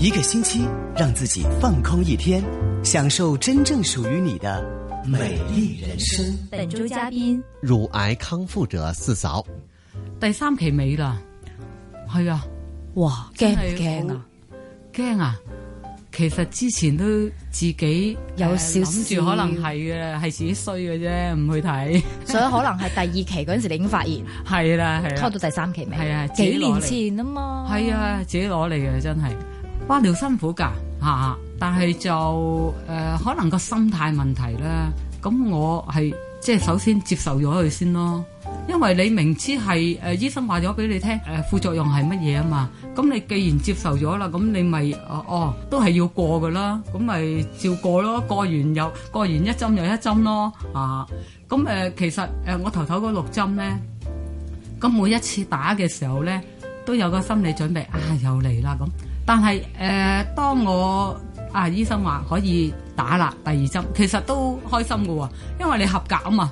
一個星期讓自己放空一天，享受真正屬於你的美麗人生。本周嘉賓：乳癌康復者四嫂。第三期尾啦，係啊，哇，驚唔驚啊？驚啊！其實之前都自己有，有少少，可能係嘅，係自己衰嘅啫，唔去睇。所以可能係第二期嗰陣時，你已經發現係啦，係拖到第三期尾，係啊，幾年前啊嘛，係啊，自己攞嚟嘅，真係。化療辛苦噶嚇，但係就誒可能個心態問題啦。咁我係即係首先接受咗佢先咯，因為你明知係誒醫生話咗俾你聽誒副作用係乜嘢啊嘛。咁你既然接受咗啦，咁你咪哦哦都係要過噶啦，咁咪照過咯。過完又過完一針又一針咯嚇。咁誒其實誒我頭頭嗰六針咧，咁每一次打嘅時候咧。都有個心理準備啊，又嚟啦咁。但係誒、呃，當我啊，醫生話可以打啦第二針，其實都開心嘅喎，因為你合格啊嘛，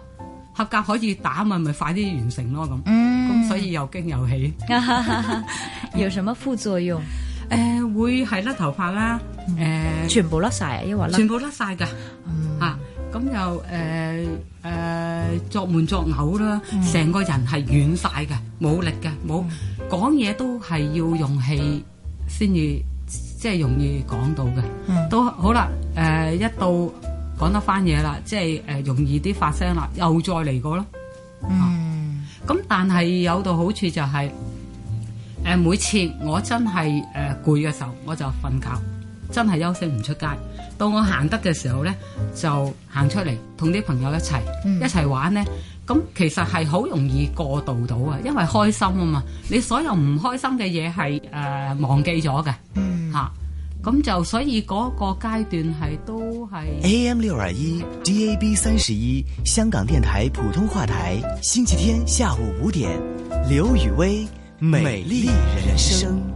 合格可以打咪咪快啲完成咯咁。嗯，咁所以又驚又喜。 有什麼副作用？誒、呃，會係甩頭髮啦。誒、呃，全部甩晒，因為全部甩晒噶。啊。咁又誒作悶作嘔啦，成個人係軟晒嘅，冇力嘅，冇講嘢都係要用氣先至、嗯、即係容易講到嘅、嗯，都好啦、呃。一到講得翻嘢啦，即係容易啲發聲啦，又再嚟過咯。嗯，咁、啊、但係有到好處就係、是呃、每次我真係誒攰嘅時候，我就瞓覺，真係休息唔出街，到我行得嘅時候咧，就行出嚟同啲朋友一齊、嗯，一齊玩咧。咁、嗯、其實係好容易過渡到啊，因為開心啊嘛。你所有唔開心嘅嘢係誒忘記咗嘅嚇。咁、嗯啊、就所以嗰個階段係都係 A M 六二一，G A B 三十一，AM621, GAB31, 香港電台普通話台，星期天下午五點劉雨薇，美麗人生。